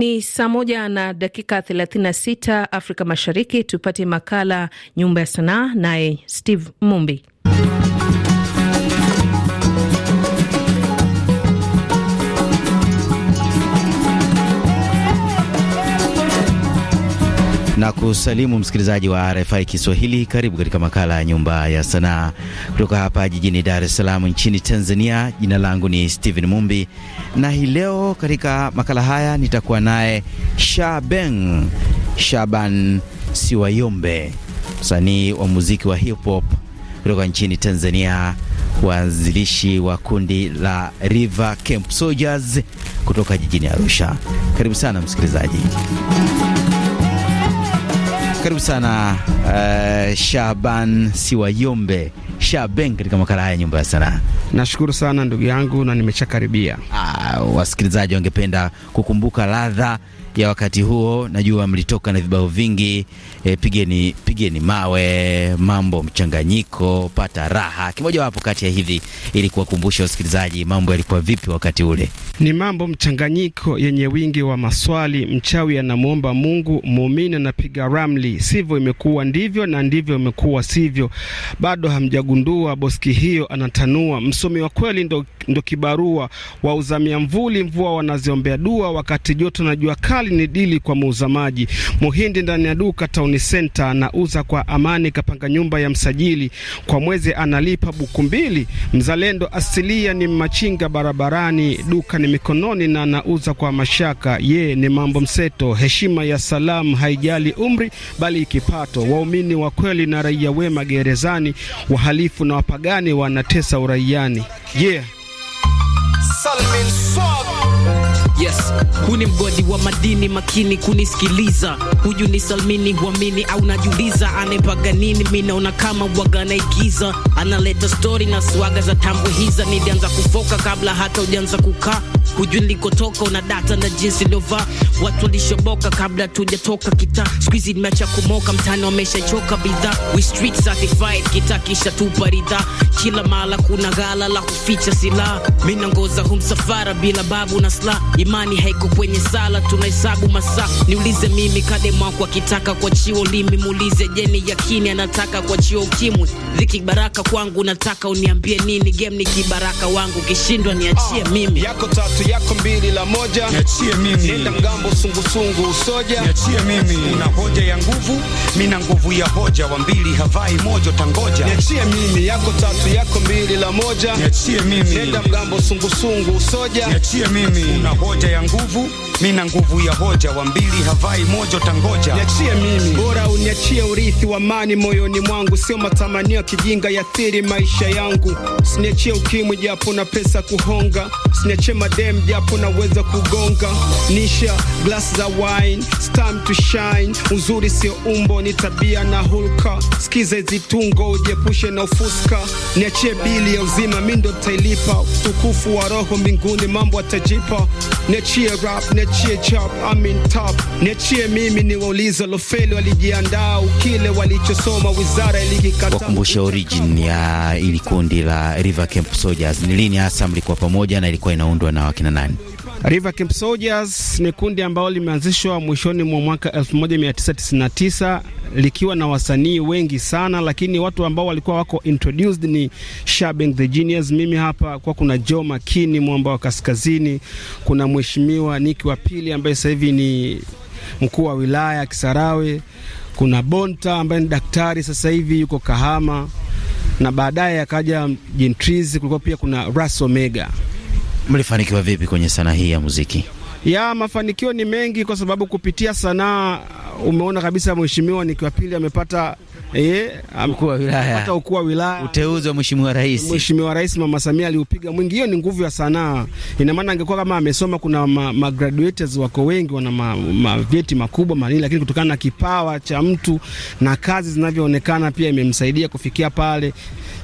Ni saa moja na dakika 36 Afrika Mashariki. Tupate makala Nyumba ya Sanaa, naye Steve Mumbi. na kusalimu msikilizaji wa RFI Kiswahili. Karibu katika makala ya nyumba ya sanaa kutoka hapa jijini Dar es Salaam nchini Tanzania. Jina langu ni Steven Mumbi, na hii leo katika makala haya nitakuwa naye Shaben Shaban Siwayombe, msanii wa muziki wa hip hop kutoka nchini Tanzania, waanzilishi wa kundi la River Camp Soldiers kutoka jijini Arusha. Karibu sana msikilizaji, karibu sana uh, Shaban Siwayombe. Shaben katika makala haya nyumba ya sanaa. Nashukuru sana ndugu yangu na nimeshakaribia. Ah, wasikilizaji wangependa kukumbuka ladha ya wakati huo, najua mlitoka na vibao vingi. E, pigeni Pigeni mawe, mambo mchanganyiko, pata raha, wapo kati ya hivi, ili kuwakumbusha wasikilizaji mambo yalikuwa vipi wakati ule. Ni mambo mchanganyiko yenye wingi wa maswali. Mchawi anamwomba Mungu, muumini anapiga ramli, sivyo imekuwa ndivyo na ndivyo imekuwa sivyo. Bado hamjagundua boski hiyo, anatanua. Msomi wa kweli ndo, ndo kibarua, wauzamia mvuli mvua wanaziombea dua, wakati joto na jua kali ni dili kwa muuza maji. Muhindi ndani ya duka tauni senta na anauza kwa amani kapanga nyumba ya msajili kwa mwezi analipa buku mbili. Mzalendo asilia ni machinga barabarani, duka ni mikononi na anauza kwa mashaka. Ye ni mambo mseto, heshima ya salamu haijali umri bali kipato. Waumini wa kweli na raia wema gerezani, wahalifu na wapagani wanatesa uraiani. Yeah. Salmin Yes, huu ni mgodi wa madini makini kunisikiliza. Huyu ni Salmini, huamini au najuliza, anaepaga nini? Mi naona kama waga naigiza, analeta stori na swaga za tambo hiza. Nilianza kufoka kabla hata ujaanza kukaa hujui nilikotoka, una data na jinsi liovaa. Watu walishoboka kabla tujatoka kitaa, skuizi nimeacha kumoka mtani, wameshachoka bidhaa. We street certified, kita kisha tupa ridhaa. Kila mala kuna ghala la kuficha silaha, mi nangoza humsafara bila babu na slaa Imani haiko kwenye sala, tunahesabu masaa. Niulize mimi kade mwako akitaka kuachiwa ulimi, muulize jeni yakini anataka kuachiwa ukimwi. Dhiki baraka kwangu, nataka uniambie nini? Game ni kibaraka wangu, kishindwa niachie ah, mimi. Yako tatu yako mbili la moja, niachie mimi. Nenda mgambo sungusungu usoja, niachie mimi. Una hoja ya nguvu, mina nguvu ya hoja, wa mbili havai moja tangoja, niachie mimi. Yako tatu yako mbili la moja, niachie mimi. Nenda mgambo sungusungu usoja, niachie mimi. Una hoja hoja ya nguvu, mina nguvu ya hoja, wa mbili havai mojo tangoja. Niachie mimi bora uniachie urithi wa mani moyoni mwangu, sio matamanio ya kijinga yathiri maisha yangu. Siniachie ukimwi japo na pesa kuhonga, siniachie madem japo naweza kugonga. Nisha glass za wine, it's time to shine. Uzuri sio umbo, ni tabia na hulka. Sikize zitungo, ujiepushe na ufuska. Niachie bili ya uzima, mi ndo tailipa. Utukufu wa roho mbinguni, mambo atajipa ne chie rap ne chie chap I'm in top ne mimi ni wauliza lofeli walijiandaa ukile walichosoma wizara ilikikataa. Wakumbusha origin ya ili kundi la River Camp Soldiers ni lini hasa mlikuwa pamoja na ilikuwa inaundwa na wakina nani? River Camp Soldiers ni kundi ambalo limeanzishwa mwishoni mwa mwaka 1999 likiwa na wasanii wengi sana, lakini watu ambao walikuwa wako introduced ni Shabeng the Genius. Mimi hapa kwa kuna Joe Makini mwamba wa kaskazini, kuna mheshimiwa Niki wa pili ambaye sasa hivi ni mkuu wa wilaya Kisarawe, kuna Bonta ambaye ni daktari sasa hivi yuko Kahama, na baadaye akaja Jintrizi. Kulikuwa pia kuna Ras Omega Mlifanikiwa vipi kwenye sanaa hii ya muziki? Ya mafanikio ni mengi, kwa sababu kupitia sanaa umeona kabisa mheshimiwa nikiwa pili amepata E, wa wilaya, hata ukuu wa wilaya, uteuzi wa mheshimiwa rais, mheshimiwa rais Mama Samia aliupiga mwingi. Hiyo ni nguvu ya sanaa. Ina maana angekuwa kama amesoma, kuna ma, ma graduates wako wengi wana ma, ma vyeti makubwa manini, lakini kutokana na kipawa cha mtu na kazi zinavyoonekana pia imemsaidia kufikia pale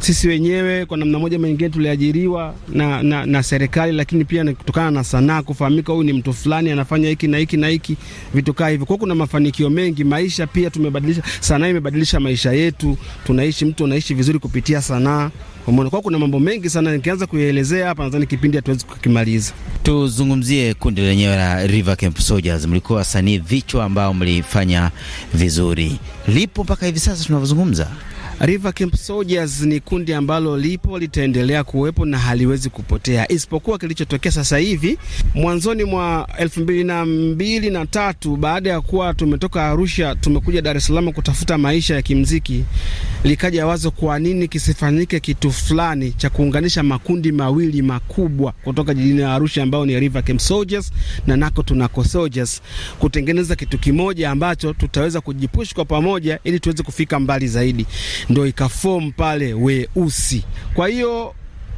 sisi wenyewe kwa namna moja nyingine tuliajiriwa na, na, na serikali, lakini pia kutokana na sanaa kufahamika, huyu ni mtu fulani anafanya hiki na hiki na hiki, vitu kaa hivyo. Kwa kuna mafanikio mengi, maisha pia tumebadilisha, sanaa imebadilisha maisha yetu, tunaishi, mtu anaishi vizuri kupitia sanaa. Umeona, kwa kuna mambo mengi sana, nikianza kuyaelezea hapa nadhani kipindi hatuwezi kukimaliza. Tuzungumzie kundi lenyewe la River Camp Soldiers, mlikuwa wasanii vichwa ambao mlifanya vizuri, lipo mpaka hivi sasa tunavyozungumza. River Camp Soldiers ni kundi ambalo lipo litaendelea kuwepo na haliwezi kupotea, isipokuwa kilichotokea sasa hivi mwanzoni mwa elfu mbili na mbili na tatu baada ya kuwa tumetoka Arusha tumekuja Dar es Salaam kutafuta maisha ya kimziki, likaja wazo, kwa nini kisifanyike kitu fulani cha kuunganisha makundi mawili makubwa kutoka jijini Arusha ambao ni River Camp Soldiers na nako tunako Soldiers, kutengeneza kitu kimoja ambacho tutaweza kujipush kwa pamoja ili tuweze kufika mbali zaidi ndo ikafomu pale weusi. Kwa hiyo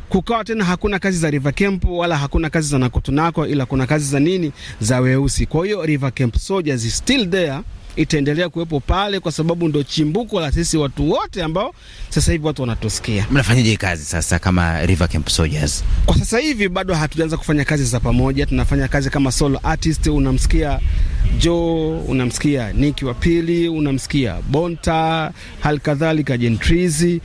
kukawa tena hakuna kazi za River Camp wala hakuna kazi za Nakotunako, ila kuna kazi za nini, za weusi. Kwa hiyo River Camp Soldiers is still there itaendelea kuwepo pale kwa sababu ndo chimbuko la sisi watu wote ambao sasa hivi watu wanatusikia. Mnafanyaje kazi sasa kama River Camp Soldiers? Kwa sasa hivi bado hatujaanza kufanya kazi za pamoja, tunafanya kazi kama solo artist. Unamsikia jo unamsikia, Niki wa pili unamsikia, Bonta halikadhalika, Jentrizi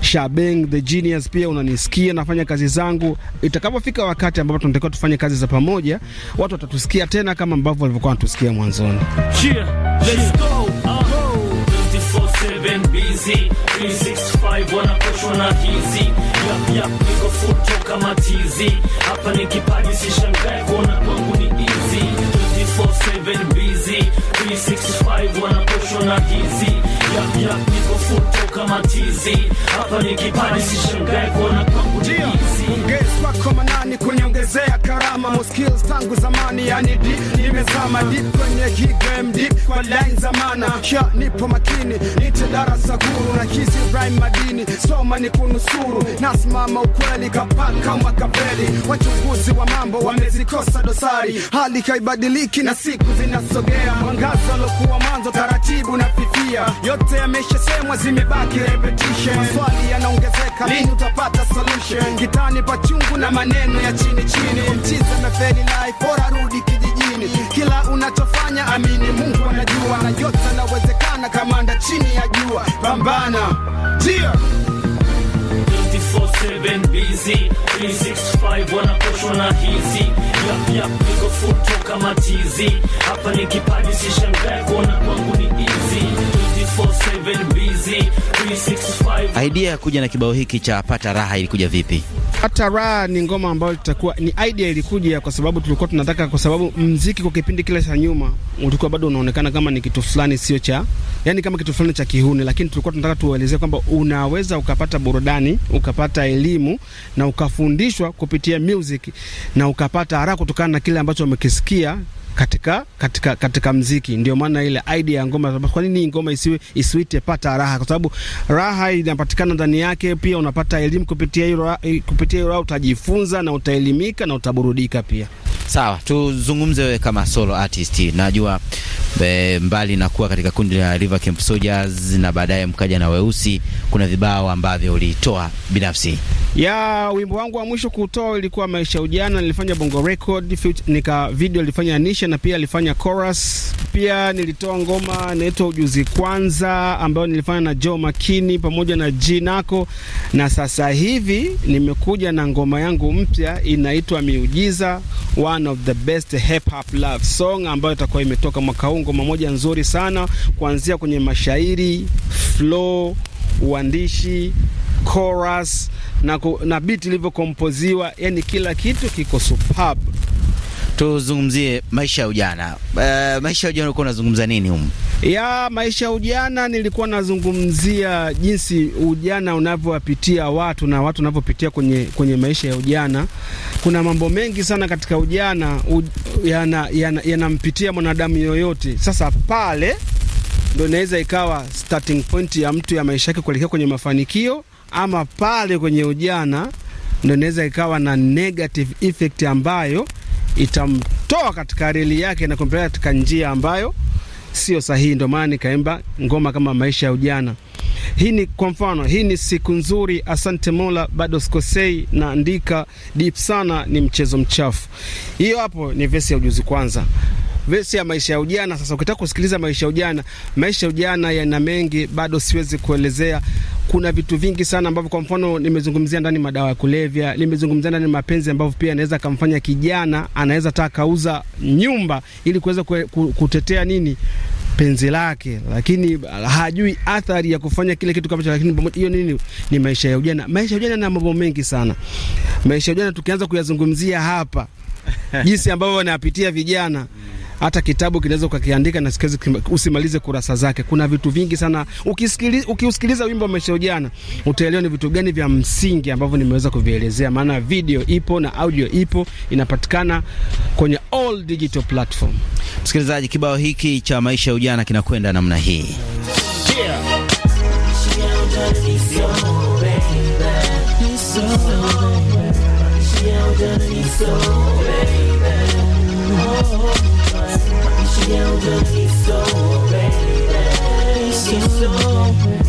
Shabeng the genius pia unanisikia, nafanya kazi zangu. Itakapofika wakati ambapo tunatakiwa tufanye kazi za pamoja, watu watatusikia tena kama ambavyo walivyokuwa wanatusikia mwanzoni. Uh, yeah, 24/7 busy 365 wanaposhwa na hizi yap yap, niko full hapa, ni kipani sishangae kuona kwangu hizi wako manani kuniongezea karama mo skills tangu zamani, yani deep nimezama deep kwenye hii game deep kwa line za maana ya nipo makini nite darasa guru na hizi rhyme madini soma ni kunusuru na simama ukweli kapaka makapeli wachunguzi wa mambo wamezikosa dosari hali haibadiliki Nchi na siku zinasogea, mwangaza alokuwa mwanzo taratibu na fifia, yote yameshasemwa, zimebaki repetition. Maswali yanaongezeka, lini utapata solution? Gitani pa chungu na maneno ya chini chini, mchiza na feli life, bora rudi kijijini. Kila unachofanya amini, Mungu anajua, na yote anawezekana kamanda chini ya jua, pambana jia 24-7 busy 365 wanaposhwa na hizi yap yap niko futo hapa ni kipaji sishangae kuona kwangu ni easy Idea ya kuja na kibao hiki cha pata raha ilikuja vipi? Pata raha ni ngoma ambayo itakuwa ni idea ilikuja kwa sababu tulikuwa tunataka, kwa sababu mziki kwa kipindi kile cha nyuma ulikuwa bado unaonekana kama ni kitu fulani sio cha, yani kama kitu fulani cha kihuni, lakini tulikuwa tunataka tuwaelezee kwamba unaweza ukapata burudani, ukapata elimu na ukafundishwa kupitia music na ukapata raha kutokana na kile ambacho umekisikia katika, katika, katika mziki. Ndio maana ile idea ya ngoma, kwa nini ngoma isiwe isiwite pata raha? Kwa sababu raha inapatikana ndani yake, pia unapata elimu kupitia hiyo, kupitia hiyo utajifunza na utaelimika na utaburudika pia. Sawa, tuzungumze wewe kama solo artist. Najua be, eh, mbali na kuwa katika kundi la River Camp Soldiers na baadaye mkaja na Weusi, kuna vibao ambavyo ulitoa binafsi. Ya wimbo wangu wa mwisho kutoa ilikuwa Maisha Ujana, nilifanya Bongo Record nika video nilifanya Nisha Mrishe na pia alifanya chorus. Pia nilitoa ngoma inaitwa Ujuzi Kwanza ambayo nilifanya na Joe Makini pamoja na G Nako, na sasa hivi nimekuja na ngoma yangu mpya inaitwa Miujiza, one of the best hip hop love song ambayo itakuwa imetoka mwaka huu, ngoma moja nzuri sana kuanzia kwenye mashairi, flow, uandishi chorus na, na beat ilivyokompoziwa, yani kila kitu kiko superb tuzungumzie maisha ya ujana. Uh, maisha ya ujana ulikuwa unazungumza nini humu? Ya maisha ya ujana nilikuwa nazungumzia jinsi ujana unavyowapitia watu na watu wanavyopitia kwenye, kwenye maisha ya ujana. Kuna mambo mengi sana katika ujana yanampitia yana, yana mwanadamu yoyote. Sasa pale ndo inaweza ikawa starting point ya mtu ya maisha yake kuelekea kwenye mafanikio, ama pale kwenye ujana ndo inaweza ikawa na negative effect ambayo itamtoa katika reli yake na kumpeleka katika njia ambayo sio sahihi. Ndio maana nikaimba ngoma kama maisha ya ujana. Hii ni kwa mfano, hii ni siku nzuri, asante Mola, bado sikosei, naandika deep sana, ni mchezo mchafu. Hiyo hapo ni vesi ya ujuzi kwanza vesi ya maisha ya ujana. Sasa ukitaka kusikiliza maisha ya ujana, maisha ya ujana yana mengi, bado siwezi kuelezea kuna vitu vingi sana ambavyo, kwa mfano, nimezungumzia ndani madawa ya kulevya, nimezungumzia ndani mapenzi, ambavyo pia anaweza akamfanya kijana, anaweza hata kauza nyumba ili kuweza kutetea nini penzi lake, lakini hajui athari ya kufanya kile kitu kama hicho. Lakini hiyo nini, ni maisha ya ujana. Maisha ya ujana na mambo mengi sana. Maisha ya ujana tukianza kuyazungumzia hapa, jinsi ambavyo wanapitia vijana hata kitabu kinaweza ukakiandika na sikizi usimalize kurasa zake. Kuna vitu vingi sana ukisikiliza, ukiusikiliza wimbo Maisha Ujana utaelewa ni vitu gani vya msingi ambavyo nimeweza kuvielezea, maana video ipo na audio ipo, inapatikana kwenye all digital platform. Msikilizaji, kibao hiki cha Maisha ya Ujana kinakwenda namna hii yeah. you believe so, baby. So, baby.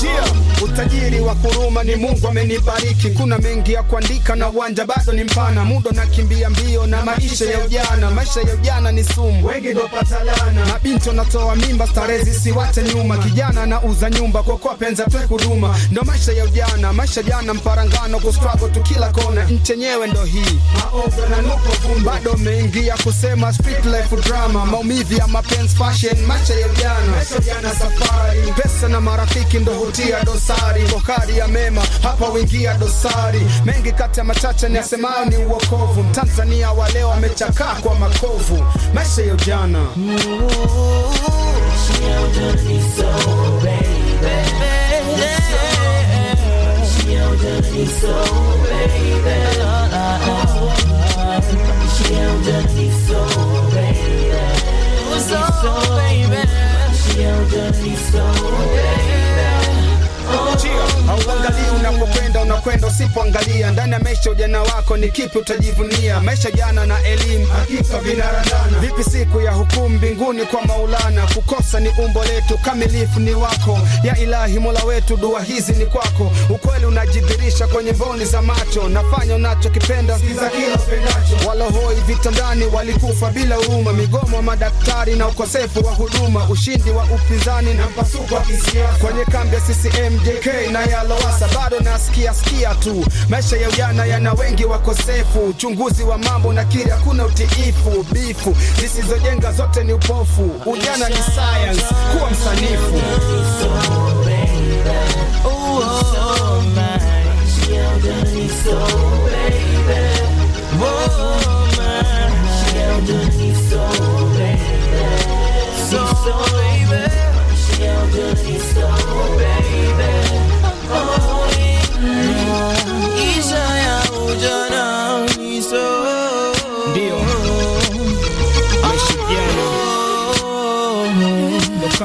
yeah. Utajiri wa kuruma ni Mungu amenibariki, kuna mengi ya kuandika na uwanja bado ni mpana, muda nakimbia mbio na maisha ya ujana. Maisha ya ujana ni sumu, wengi ndo patalana, mabinti wanatoa mimba, starehe siwate nyuma, kijana anauza nyumba kwa kwa penza twe kuruma, ndo maisha ya ujana. Maisha jana mparangano, kustruggle tu kila kona, nchi yenyewe ndo hii, maovu na nuko bado umeingia kusema street life drama, maumivu ya mapenzi, fashion, maisha ya ujana, maisha ya ujana, safari, pesa na marafiki ndo hutia dosari, bohari ya mema hapa wingia dosari. Mengi kati ya machache ni yasemao ni uokovu. Tanzania wa leo kwa makovu, maisha ya ujana So baby, she so baby. Cheer. Hauangalii unapokwenda, unakwenda usipoangalia. Ndani ya maisha ujana wako ni kipi utajivunia? Maisha jana na elimu Vipi siku ya hukumu mbinguni kwa Maulana? Kukosa ni umbo letu, kamilifu ni wako. Ya Ilahi, mola wetu, dua hizi ni kwako. Ukweli unajidhirisha kwenye mboni za macho, nafanya unachokipenda, sikiza Walohoi vitandani walikufa bila uuma migomo ya madaktari na ukosefu wa huduma, ushindi wa upinzani na mpasuko wa kisiasa kwenye kambi ya CCM, JK na ya Lowasa bado nasikia sikia tu. Maisha ya ujana yana wengi wakosefu, uchunguzi wa mambo na kili, hakuna utiifu. Bifu zisizojenga zote ni upofu. Ujana ni science, kuwa msanifu. Oh, oh, oh.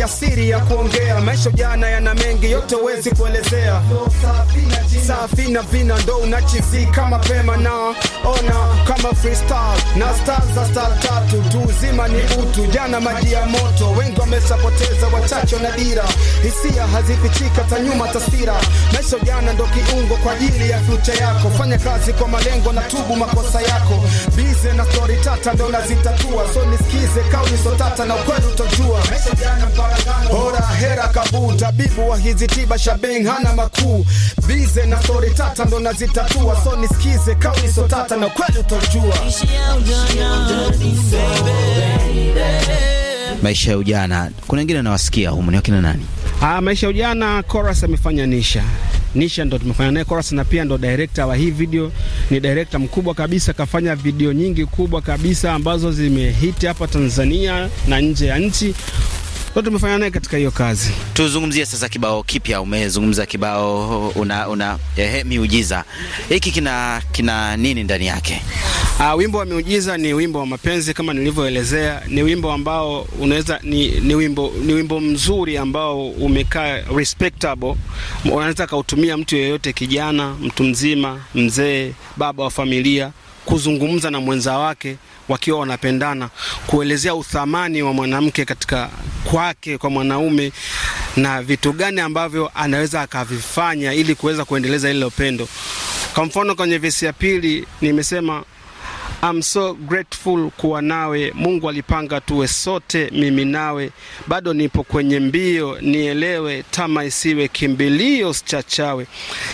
ya siri ya kuongea. Maisha jana yana mengi, yote huwezi kuelezea. Safi na vina ndo unachizi kama pema na ona kama freestyle na star za star tatu tu, uzima ni utu. Jana maji ya moto, wengi wameshapoteza, wachache na dira. Hisia hazifichika, ta nyuma tasira. Maisha jana ndo kiungo kwa ajili ya future yako. Fanya kazi kwa malengo na tubu makosa yako. Bize na story tata ndo nazitatua, so nisikize kauli sotata na ukweli utojua. Maisha jana hora hera kabu tabibu wa hizi tiba shabeng hana makuu bize na stori tata ndo nazitatua so nisikize kauli so tata na kweli utojua maisha ya ujana. Kuna wengine nawasikia humu ni wakina nani? Ah, maisha ya ujana chorus amefanya Nisha Nisha ndo tumefanya naye chorus na pia ndo director wa hii video. Ni director mkubwa kabisa, kafanya video nyingi kubwa kabisa ambazo zimehiti hapa Tanzania na nje ya nchi. Kwa tumefanya naye katika hiyo kazi. Tuzungumzie sasa kibao kipya. Umezungumza kibao una, una ehe, miujiza. Hiki kina kina nini ndani yake? Aa, ah, wimbo wa miujiza ni wimbo wa mapenzi kama nilivyoelezea. Ni wimbo ambao unaweza ni, ni wimbo ni wimbo mzuri ambao umekaa respectable, unaweza kautumia mtu yeyote, kijana, mtu mzima, mzee, baba wa familia kuzungumza na mwenza wake wakiwa wanapendana, kuelezea uthamani wa mwanamke katika kwake kwa mwanaume na vitu gani ambavyo anaweza akavifanya ili kuweza kuendeleza ile upendo. Kwa mfano kwenye vesi ya pili nimesema I'm so grateful kuwa nawe. Mungu alipanga tuwe sote, mimi nawe. Bado nipo kwenye mbio, nielewe, tama isiwe kimbilio sichachawe.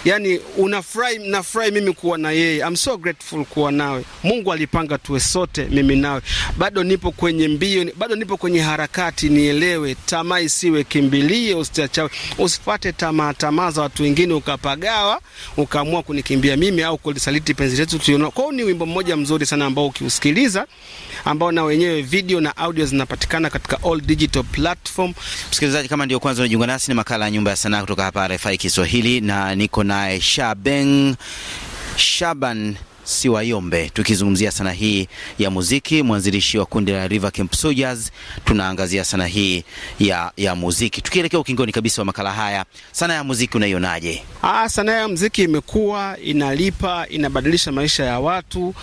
Yani unafurahi, nafurahi mimi kuwa na yeye. I'm so grateful kuwa nawe. Mungu alipanga tuwe sote, mimi nawe. Bado nipo kwenye mbio, bado nipo kwenye harakati, nielewe, tama isiwe kimbilio sichachawe. Usipate tamaa tamaa za watu wengine, ukapagawa ukaamua kunikimbia mimi au kulisaliti penzi letu tuliona. hiyo ni wimbo mmoja mzuri sana sana ambao ukiusikiliza, ambao na wenyewe video na audio zinapatikana katika all digital platform. Msikilizaji, kama ndio kwanza unajiunga nasi, ni makala ya Nyumba ya Sanaa kutoka hapa RFI Kiswahili, na niko naye Shaben Shaban si wayombe. Tukizungumzia sana hii ya muziki, mwanzilishi wa kundi la River Camp Soldiers, tunaangazia sana hii ya, ya muziki, tukielekea ukingoni kabisa wa makala haya. Sana ya muziki unaionaje? Ah, sana ya muziki imekuwa inalipa, inabadilisha maisha ya watu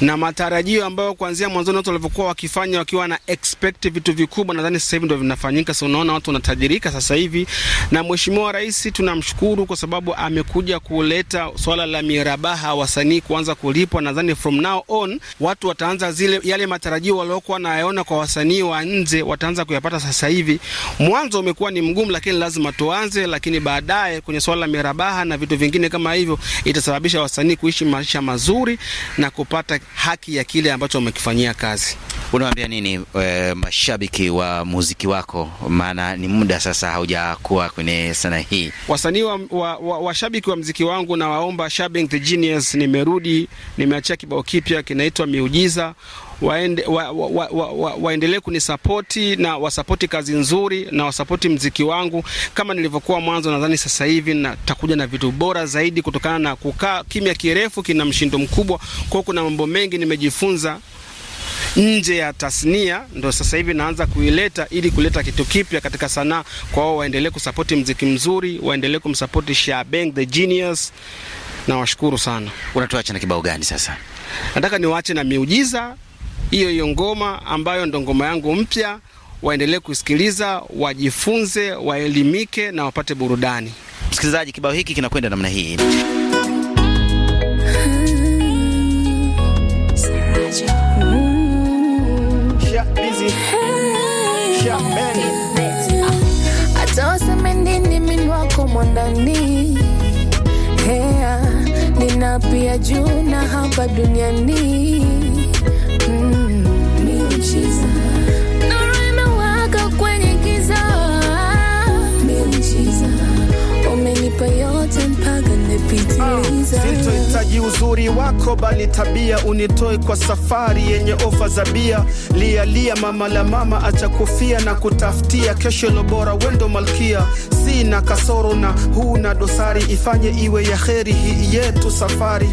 na matarajio ambayo kuanzia mwanzoni watu walivyokuwa wakifanya wakiwa na expect vitu vikubwa, nadhani sasa hivi ndio vinafanyika. Sasa unaona watu wanatajirika sasa hivi, na Mheshimiwa Rais tunamshukuru kwa sababu amekuja kuleta swala la mirabaha, wasanii kuanza kulipwa. Nadhani from now on watu wataanza zile yale matarajio waliokuwa nayaona kwa wasanii wa nje wataanza kuyapata sasa hivi. Mwanzo umekuwa ni mgumu, lakini lazima tuanze, lakini baadaye kwenye swala la mirabaha na vitu vingine kama hivyo itasababisha wasanii kuishi maisha mazuri na kupata haki ya kile ambacho wamekifanyia kazi. Unawaambia nini e, mashabiki wa muziki wako? Maana ni muda sasa haujakuwa kwenye sanaa hii. Wasanii wa, wa, wa, washabiki wa muziki wangu, na waomba Shabing the Genius, nimerudi nimeachia kibao kipya kinaitwa Miujiza. Waende, wa, wa, wa, wa, wa, waendelee kunisapoti na wasapoti kazi nzuri na wasapoti mziki wangu kama nilivyokuwa mwanzo. Nadhani sasa hivi natakuja na vitu bora zaidi kutokana na kukaa kimya kirefu kina mshindo mkubwa kwao. Kuna mambo mengi nimejifunza nje ya tasnia, ndo sasa hivi naanza kuileta ili kuleta kitu kipya katika sanaa. Kwa hiyo waendelee kusapoti mziki mzuri, waendelee kumsapoti Shabeng the genius Nawashukuru sana. Unatuacha na kibao gani sasa? Nataka niwaache na miujiza hiyo hiyo ngoma ambayo ndo ngoma yangu mpya. Waendelee kusikiliza, wajifunze, waelimike na wapate burudani. Msikilizaji, kibao hiki kinakwenda namna hii. Hata wasemeni mimi wako mwandani nina pia juu na hapa duniani mm. kwenye umenipa yote mpaka Sitohitaji uzuri wako bali tabia, unitoe kwa safari yenye ofa za bia. Lialia mama la mama, acha kufia na kutafutia kesho lobora, wendo malkia. Si na kasoro na huu na dosari, ifanye iwe ya heri hii yetu safari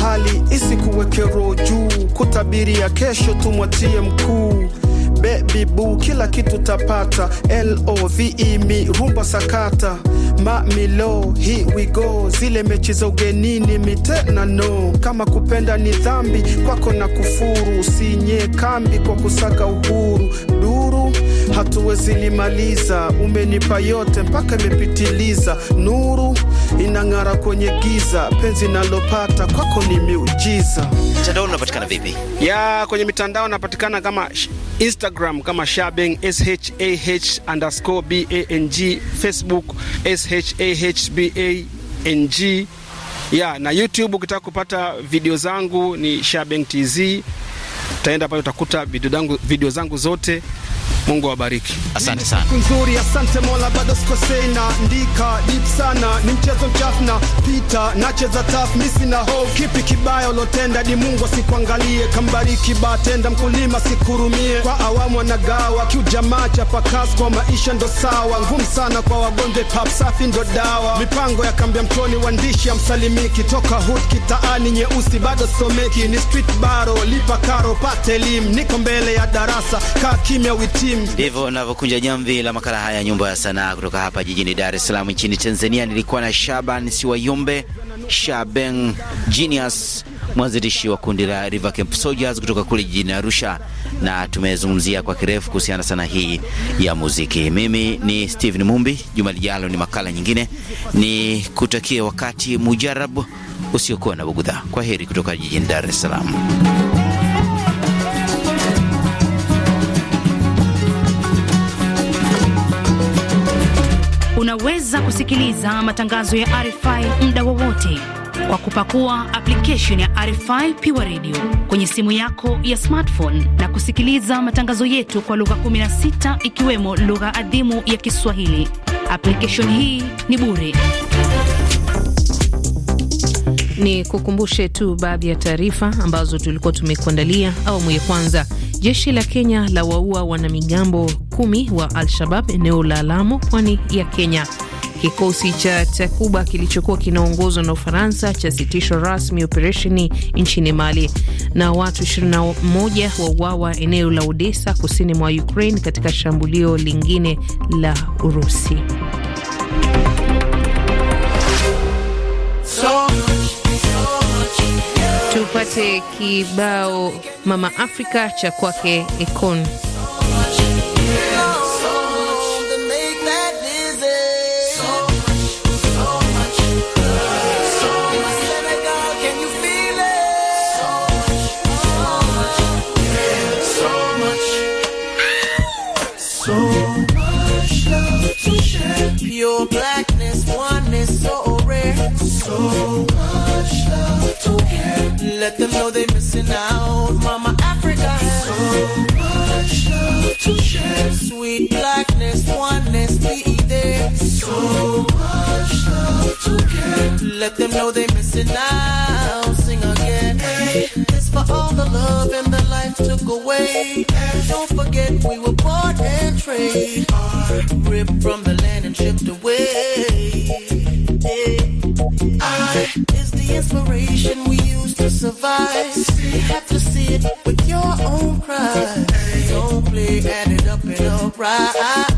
hali isikuweke roho juu, kutabiria kesho tumwachie mkuu bebi bu, kila kitu tapata, love mi rumba sakata mamilo here we go, zile mechi za ugenini mitena no, kama kupenda ni dhambi kwako na kufuru, usinye kambi kwa kusaka uhuru duru hatuwezi limaliza, umenipa yote mpaka imepitiliza, nuru inang'ara kwenye giza, penzi nalopata kwako ni miujiza. Mtandao unapatikana vipi? Ya, kwenye mitandao napatikana kama Instagram kama Shabeng shah underscore bang, Facebook shahbang ya na YouTube ukitaka kupata video zangu ni Shabeng TZ, utaenda pale utakuta video zangu, video zangu zote Mungu awabariki, asante sana. Nzuri, asante Mola, bado sikosei na ndika deep sana, ni mchezo mchafu na pita nacheza tough, mimi sina hope. kipi kibaya ulotenda di Mungu asikuangalie, kambariki batenda mkulima sikurumie, kwa awamu anagawa kiujamaa chapakas, kwa maisha ndo sawa ngumu sana kwa wagonjwa, pap safi ndo dawa, mipango ya kambi ya mtoni, wandishi ya msalimiki toka hood kitaani nyeusi, bado someki ni street baro, lipa karo pate elimu, niko mbele ya darasa, kaa kimya witim Ndivyo navyokunja jamvi la makala haya nyumba ya sanaa kutoka hapa jijini Dar es Salaam nchini Tanzania. Nilikuwa na Shaban siwayumbe Shaben Genius, mwanzilishi wa kundi la River Camp Soldiers kutoka kule jijini Arusha, na tumezungumzia kwa kirefu kuhusiana sana hii ya muziki. Mimi ni Steven Mumbi. Juma lijalo ni makala nyingine, ni kutakia wakati mujarabu usiokuwa na bugudha. Kwa heri kutoka jijini Dar es Salaam. Unaweza kusikiliza matangazo ya RFI muda wowote kwa kupakua application ya RFI Pure Radio kwenye simu yako ya smartphone na kusikiliza matangazo yetu kwa lugha 16 ikiwemo lugha adhimu ya Kiswahili. Application hii ni bure. Ni kukumbushe tu baadhi ya taarifa ambazo tulikuwa tumekuandalia awamu ya kwanza. Jeshi la Kenya la waua wanamigambo kumi wa Al-Shabab eneo la Lamu, pwani ya Kenya. Kikosi cha Takuba kilichokuwa kinaongozwa na Ufaransa cha sitisho rasmi operesheni nchini Mali. Na watu 21 wauawa eneo la Odessa kusini mwa Ukraine katika shambulio lingine la Urusi. tupate kibao Mama Afrika cha kwake Ekon. missing out, Mama Africa so much love to share. Sweet blackness, oneness, be there. So much love to care. Let them know they are missing out. Sing again. Hey. It's for all the love and the life took away. And don't forget we were bought and trade. Ripped from the land and shipped away. desperation we use to survive. You have to see it with your own pride. Don't play, add it up and up, right?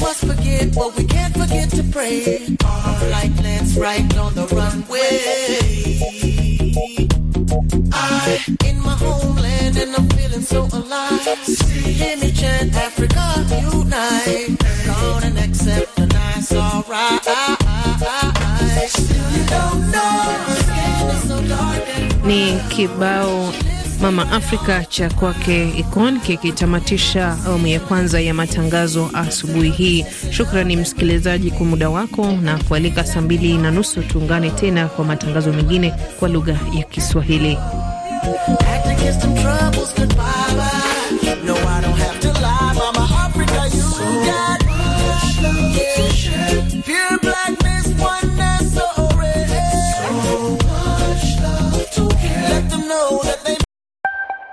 must forget what we can't forget to pray. Our lands right on the runway. I, in my homeland, and I'm feeling so alive. Hear me chant Africa unite. Gone and accept the nice alright. Still don't know. Mama Afrika cha kwake Ikon kikitamatisha awamu ya kwanza ya matangazo asubuhi hii. Shukrani msikilizaji kwa muda wako na kualika, saa mbili na nusu tuungane tena kwa matangazo mengine kwa lugha ya Kiswahili.